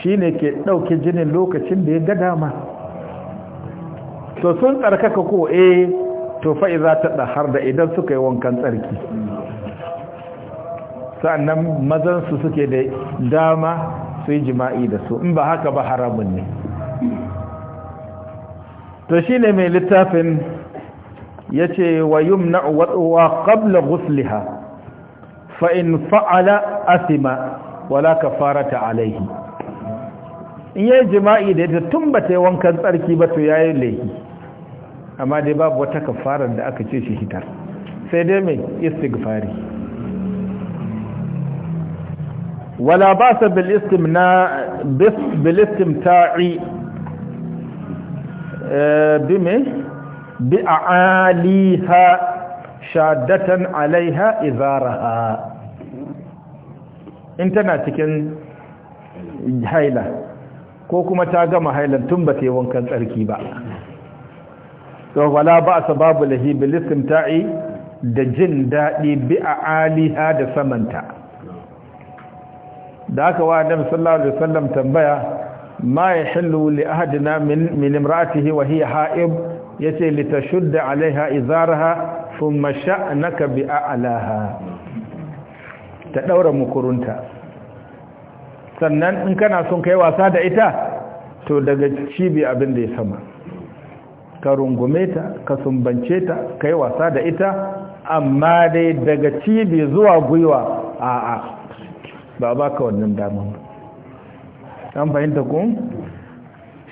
shine ke ɗauke jinin lokacin da ya ga dama to sun tsarkaka ko eh to fa'iza ta har da idan suka yi wankan tsarki sannan mazansu suke da dama su yi jima'i da su in ba haka ba haramun ne to shi ne mai littafin ya ce wa yumna wa ƙabla ghusliha fa in fa'ala asima wala ka fara kafarata alaihi in yi jima'i da ita tun ba ta yi wankan tsarki ba to ya yi laifi amma dai babu wata kafarar da aka ce shi hitar sai dai mai istighfari wala ba sa bilistim bilistim ta'i Eh, bi me bi a'aliha shaddatan alaiha izaraha in tana cikin haila ko kuma ta gama hailar tun ba ta yi wankan tsarki ba to wala ba sa babu lahi bilisim ta'i da jin daɗi bi a aliha da samanta da aka wa annabi sallallahu alaihi wasallam tambaya ma ya لأهدنا من, من امرأته وهي حائب wa لتشد عليها yace ثم شأنك alaiha izaraha مكرونتا a'laha ta mukurunta sannan in kana son kai wasa da ita to daga cibi abin da ya sama ka rungume ta ka sumbance ta kai wasa da ita amma dai daga cibi zuwa gwiwa a'a ba ba ka wannan damar an fahimta kun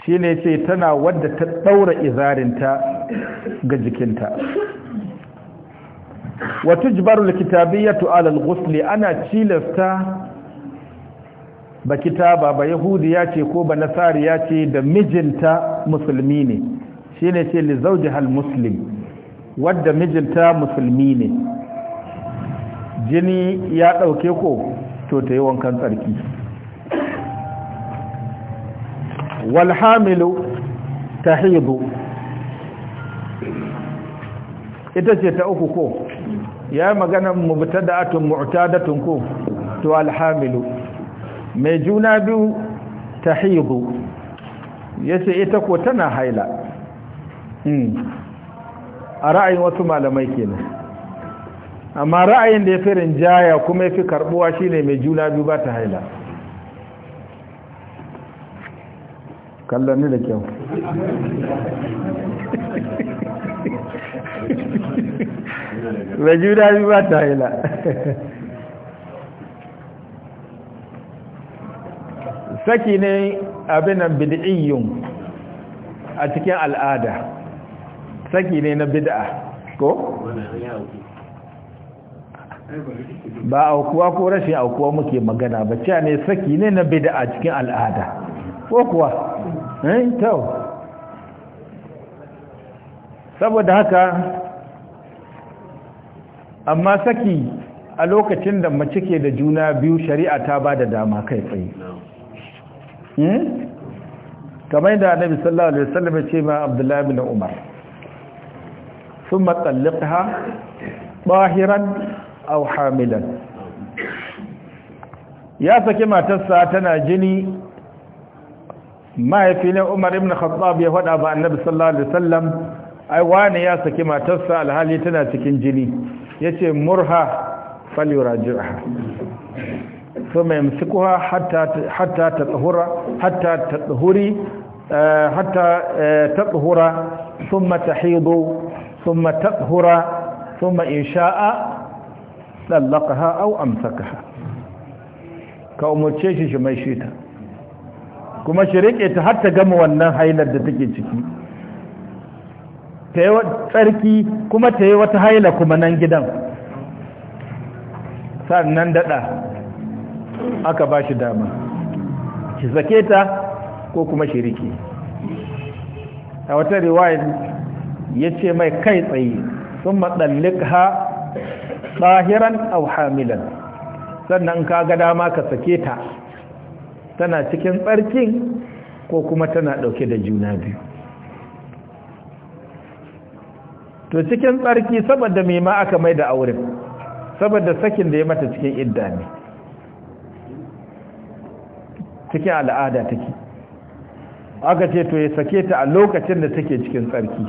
shi ne ce tana wadda ta daura izarinta ga jikinta wata jibarul kitabiyyatu alal ghusli ana cilasta ba kitaba ba yahudiya ce ko ba nasariya ce da mijinta musulmi ne shi ne ce li muslim wadda mijinta musulmi ne jini ya ɗauke ko to ta yi wankan tsarki walhamilu tahidu ita ce ta uku ko ya magana mubtada'atun mu'tadatun ko to alhamilu mai juna biyu tahidu yace ita ko tana haila a ra'ayin wasu malamai kenan amma ra'ayin da ya fi rinjaya kuma ya fi karbuwa shine mai juna biyu ba ta haila kallon ni da kyau mai juna bi ba ta la saki ne abinan bid'iyyun a cikin al'ada saki ne na bid'a ko? ba aukuwa ko rashin aukuwa muke magana ba cewa ne saki ne na bid'a cikin al'ada ko kuwa Eh, to saboda haka amma saki a lokacin da mace ke da juna biyu shari'a ta ba da dama kai tsaye eh? kamar da annabi sallallahu alaihi wasallam ya ce ma abdullahi bin umar thumma talliqha bahiran aw hamilan ya saki matarsa tana jini mahaifi umar ibn khattab ya faɗa ba annabi sallallahu alaihi wasallam ai wani ya saki matarsa alhali tana cikin jini yace murha falyuraji'ha thumma yamsikuha hatta hatta tatahura hatta tatahuri eh, hatta eh, tatahura thumma tahidu thumma tatahura thumma in sha'a dallaqaha aw amsakaha ka umurce shi shi mai shita kuma shi riƙe ta har ta gama wannan hailar da take ciki ta yi tsarki kuma ta yi wata haila kuma nan gidan sannan daɗa aka ba shi dama ki zake ta ko kuma shi riƙe a wata riwayar ya ce mai kai tsaye sun matsallika ha tsahiran au hamilan sannan ka ga dama ka sake ta tana cikin tsarkin ko kuma tana ɗauke da juna biyu to cikin tsarki saboda mai ma aka mai da auren saboda sakin da ya mata cikin idda ne cikin al'ada take aka ce to ya sake ta a lokacin da take cikin tsarki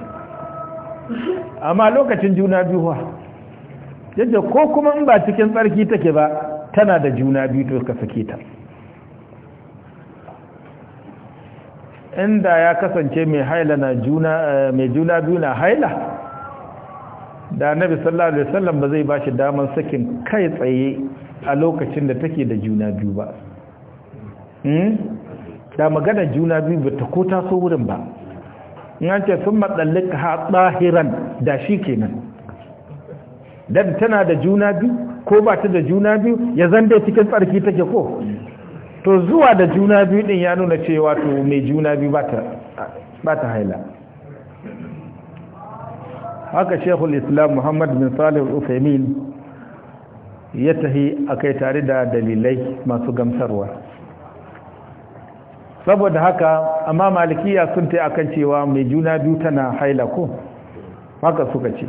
amma lokacin juna biyu yadda ko kuma in ba cikin tsarki take ba tana da juna biyu to ka sake ta inda ya kasance mai haila na juna eh, mai juna biyu na haila da annabi sallallahu alaihi wasallam ba zai bashi daman sakin kai tsaye a lokacin da take da juna biyu ba hmm da magana juna biyu ba ta ko taso wurin ba in an ce sun matsallika ha tsahiran da shi kenan dan tana da juna biyu ko ba ta da juna biyu ya zan dai cikin tsarki take ko to zuwa da juna biyu din ya nuna cewa to mai juna biyu ba ta haila haka shekul islam muhammad bin salih al-usaimin ya tahi a kai tare da dalilai masu gamsarwa saboda haka amma malikiya sun ta akan cewa mai juna biyu tana haila ko haka suka ce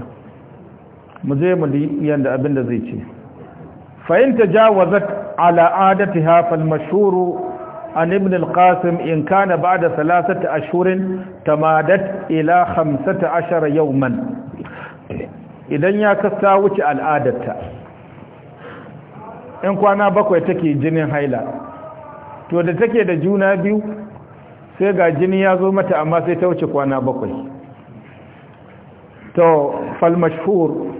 mu je mu yanda abin da zai ce fahimta jawazat على عادتها فالمشهور عن ابن القاسم إن كان بعد ثلاثة أشهر تمادت إلى خمسة عشر يوما إذن يكساوك العادة in kwana bakwai take jinin haila to da take da juna biyu sai ga jini ya zo mata amma sai ta wuce kwana bakwai to falmashhur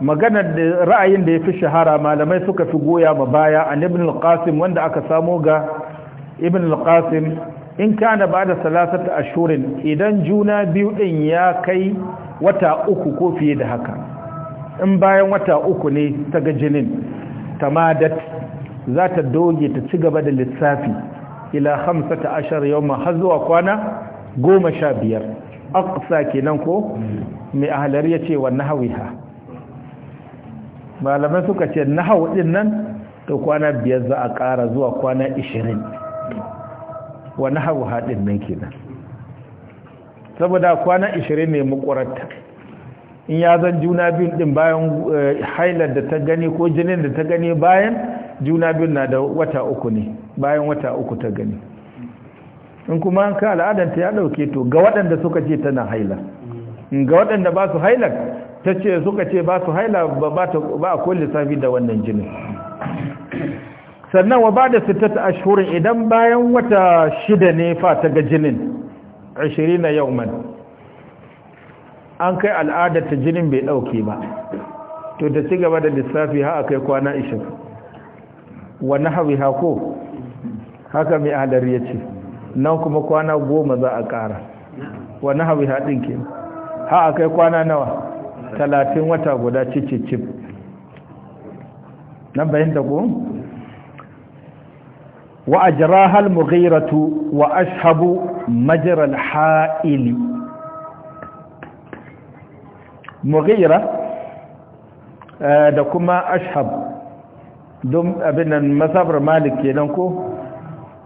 maganar da ra'ayin da ya fi shahara malamai suka fi goya ma baya an ibn al-qasim wanda aka samo ga ibn al-qasim in kana ba da salasata ashurin idan juna biyu din ya kai wata uku ko fiye da haka in bayan wata uku ne ta ga jinin tamadat za ta doge ta ci gaba da lissafi ila hamsata ashar ma har zuwa kwana goma sha biyar aqsa kenan ko mm. mai ahalar ya ce hawiha ha. malamai suka ce na din nan to kwana biyar za a kara zuwa kwana ishirin wa nahau haɗin nan kenan saboda kwana ishirin ne mukurarta in ya zan juna biyun din bayan eh, hailar da ta gani ko jinin da ta gani bayan juna biyun na da wata uku ne bayan wata uku ta gani in kuma ka al'adanta ya ɗauke to ga waɗanda suka ce tana haila ga waɗanda ba su hailar ta ce suka ce ba su haila ba a kulle safi da wannan jinin sannan wa ba da sittata ashirin idan bayan wata shida ne fa ta ga jinin ashirin na yauman an kai al'adar ta jinin bai dauke ba to ta ci gaba da lissafi ha a kai kwana ishirin wani hawi hako haka mai hadar ya ce nan kuma kwana goma za a kara. wani hawi haɗin ke ha a kai kwana nawa talatin wata guda cicicip na bayan da ku wa ajrahal mughiratu wa ashabu majra ha'ili mughira eh, da kuma ashab don abinan masabar malik kenan ko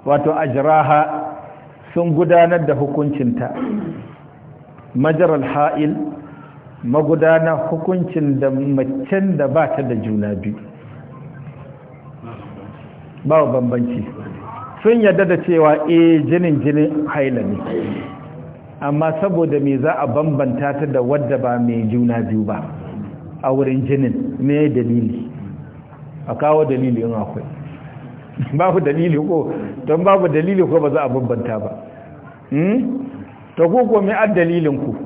wato ajraha sun gudanar da hukuncinta majral ha'il Magudana hukuncin da macen da ba ta da juna biyu ba bambanci sun yadda da cewa e jinin jinin haila ne amma saboda me za a bambanta ta da wadda ba mai juna biyu ba a wurin jinin me dalili a kawo dalili yin akwai babu dalili ko don babu dalili ko ba za a bambanta ba hmm? to ko ko me ad dalilinku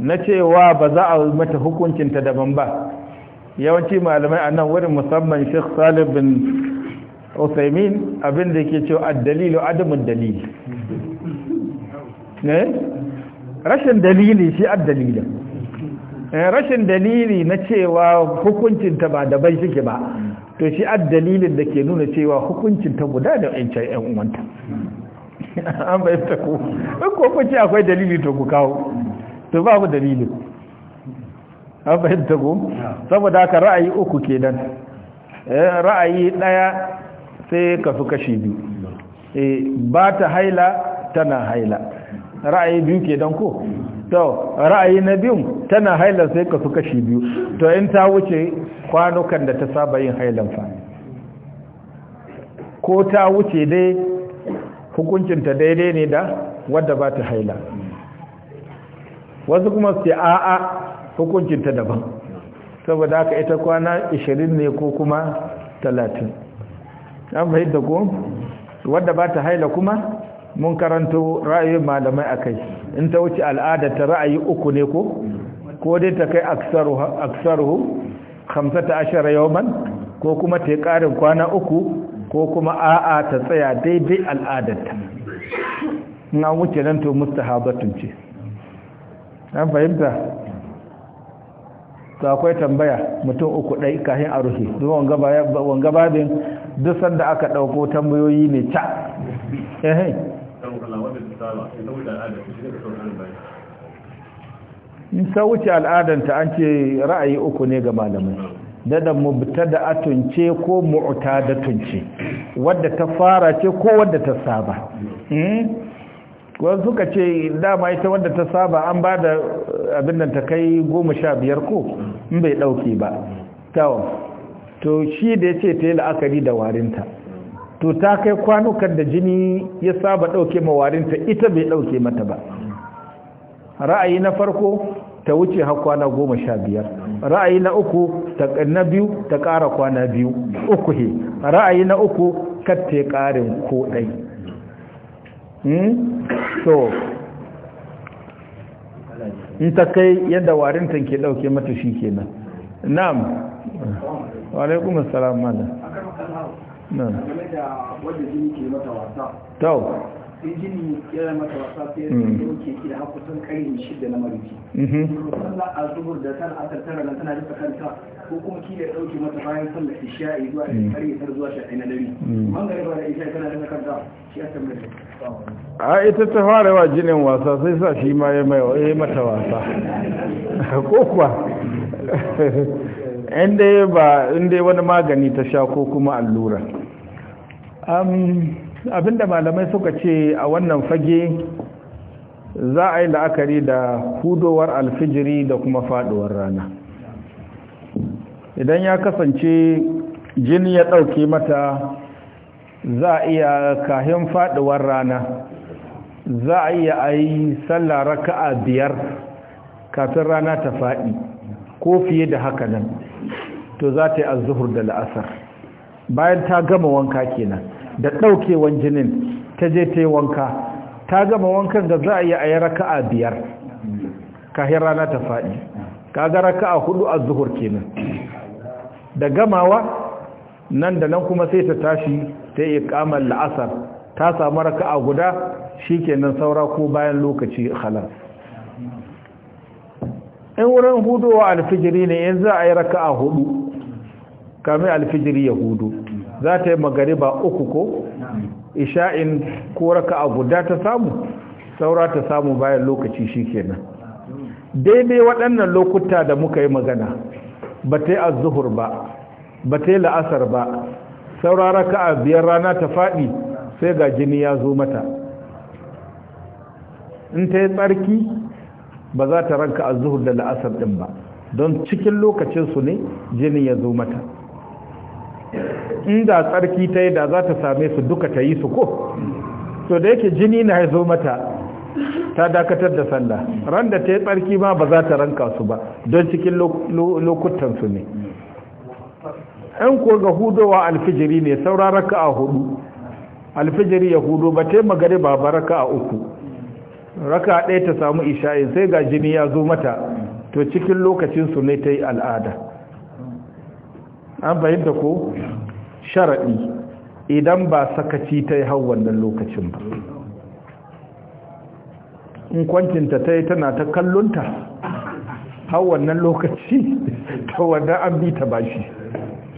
na cewa ba za a mata hukuncinta daban ba yawanci malamai a nan wurin musamman sheikh salib bin usaimin abinda ke cewa addalilu adamun dalili ne rashin dalili shi addalilin eh, rashin dalili na cewa hukuncinta ba daban shike ba to shi addalilin da ke nuna cewa hukuncinta guda da yancan yan uwanta an ku ko ko kuce akwai dalili to ku kawo to babu dalilin. an fahimta ku? saboda haka ra'ayi uku kenan eh, ra'ayi daya sai ka su kashi biyu eh, ba ta haila tana haila ra'ayi biyu kenan ko to ra'ayi na biyu tana haila sai ka su kashi biyu to in ta wuce kwanukan da ta saba yin hailan fa ko ta wuce dai hukuncinta daidai ne da wadda ba ta haila wasu kuma su a'a hukuncin ta daban saboda haka ita kwana 20 ne ko kuma 30 an fahimta ko wadda ba ta haila kuma mun karanto ra'ayin malamai a kai in ta wuce al'ada ta ra'ayi uku ne ko ko dai ta kai aksaruhu 15 man ko kuma ta yi karin kwana uku ko kuma a'a ta tsaya daidai al'adarta na wuce nan to mustahabatun ce an fahimta to akwai tambaya mutum uku ɗai kahin a rufe don wanga babin duk sanda aka ɗauko tambayoyi ne ca in sa wuce al'adanta an ce ra'ayi uku ne ga malamai dada mubtada atunce ko tunce wadda ta fara ce ko wadda ta saba hmm? wani suka ce dama ita wanda ta saba an ba da eh, abin nan ta kai goma sha biyar ko in bai ɗauke ba tawon to shi da ya ce ta yi la'akari da warinta to ta kai kwanukan da jini ya saba ɗauke ma warinta ita bai ɗauke mata ba ra'ayi na farko ta wuce har kwana goma sha biyar ra'ayi na uku na biyu ta ƙara kwana biyu uku he ra'ayi na uku kar ta ƙarin ko ɗai so hmm? in ta kai yadda warintan ke dauke mata shi ke nan na'am wa alaikum assalam na'am da wanda jini ke mata wasa injini yana mata wasa sai ya mm. karin shida na a mm-hmm. da tana tana rufe kanta ko kuma dauke mata bayan zuwa mm. zuwa na dare mm. da tana rufe kanta shi a ita ta fara wa jinin wasa sai sa shi ma ya mata wasa ko kuwa inda ba inda wani magani ta sha ko kuma allura um, abinda malamai suka ce a wannan fage za a yi la'akari da hudowar alfijiri da kuma faduwar rana idan ya kasance jini ya ɗauke mata za a iya kahin faduwar rana za a iya a yi sallah raka'a biyar kafin rana ta faɗi ko fiye da haka nan to za ta yi azuhur da la'asar bayan ta gama wanka kenan da ɗaukewan jinin ta je ta yi wanka ta gama wankan da za a yi a yi raka'a biyar kahin rana ta faɗi kaga raka'a hudu a zuhur kenan da gamawa nan da nan kuma sai ta tashi ta yi kamar la'asar ta samu raka'a guda shi kenan saura ko bayan lokaci halar in wurin wa alfijiri ne yanzu a yi raka'a hudu kamar alfijiri ya hudu za ta yi magariba uku ko isha'in ko raka'a guda ta samu saura ta samu bayan lokaci shi kenan. daidai waɗannan lokuta da muka yi magana ba ta yi azuhur ba ba ta yi la'asar ba saura raka'a biyar rana ta faɗi sai ga jini ya zo mata in ta yi tsarki ba za ta ranka azuhur da la'asar ɗin ba don cikin lokacinsu ne jini ya zo mata inda tsarki ta yi da za ta same su duka ta yi su ko to da yake jini na ya zo mata ta dakatar da sallah ran da ta yi tsarki ma ba za ta ranka su ba don cikin lokutansu ne ‘yan ko ga hudowa alfijiri ne saura raka a hudu alfijiri ya hudu ba ta yi magari ba ba raka a uku raka ɗaya ta samu isha'in sai ga jini ya zo mata to cikin lokacinsu ne ta yi al'ada an fahimta ko sharaɗi idan ba sakaci ta yi hau wannan lokacin ba in kwancinta ta yi tana ta kallonta hau wannan lokaci ta wanda an bi ta bashi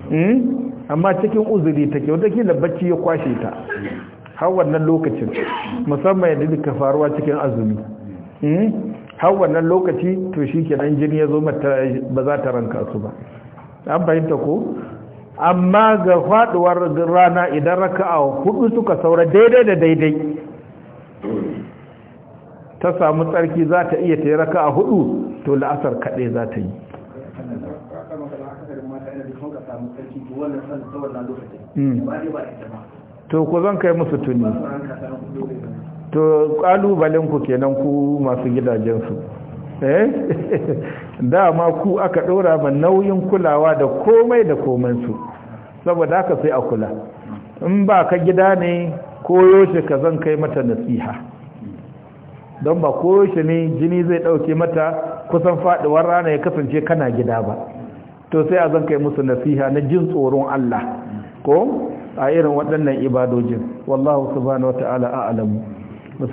hmm? amma cikin uzuri ta wata kila bacci ya kwashe ta har wannan lokacin musamman yadda duka faruwa cikin azumi hmm? har wannan lokaci to shi kenan jini ya zo ba za ta ranka su ba an fahimta ko amma ga faduwar rana idan raka'a hudu suka saura daidai da daidai ta samu tsarki za ta iya ta yi raka'a hudu to la'asar kaɗai za ta yi hmm. to ku zan kai musu tuni to ƙalubalenku kenan ku masu gidajensu Eh? dama ku aka ɗora ma nauyin kulawa da komai da su saboda haka sai a kula in ba ka gida ne koyoshe ka zan kai mata nasiha don ba koyoshe ne jini zai ɗauke mata kusan faduwar rana ya kasance kana gida ba to sai a zan kai musu nasiha na jin tsoron Allah ko a irin waɗannan ibadojin wallahu subhanahu wa ta'ala a'lamu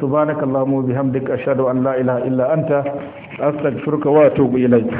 subhanakallahumma bihamdika ashhadu an la ilaha illa anta أستغفرك وأتوب إليك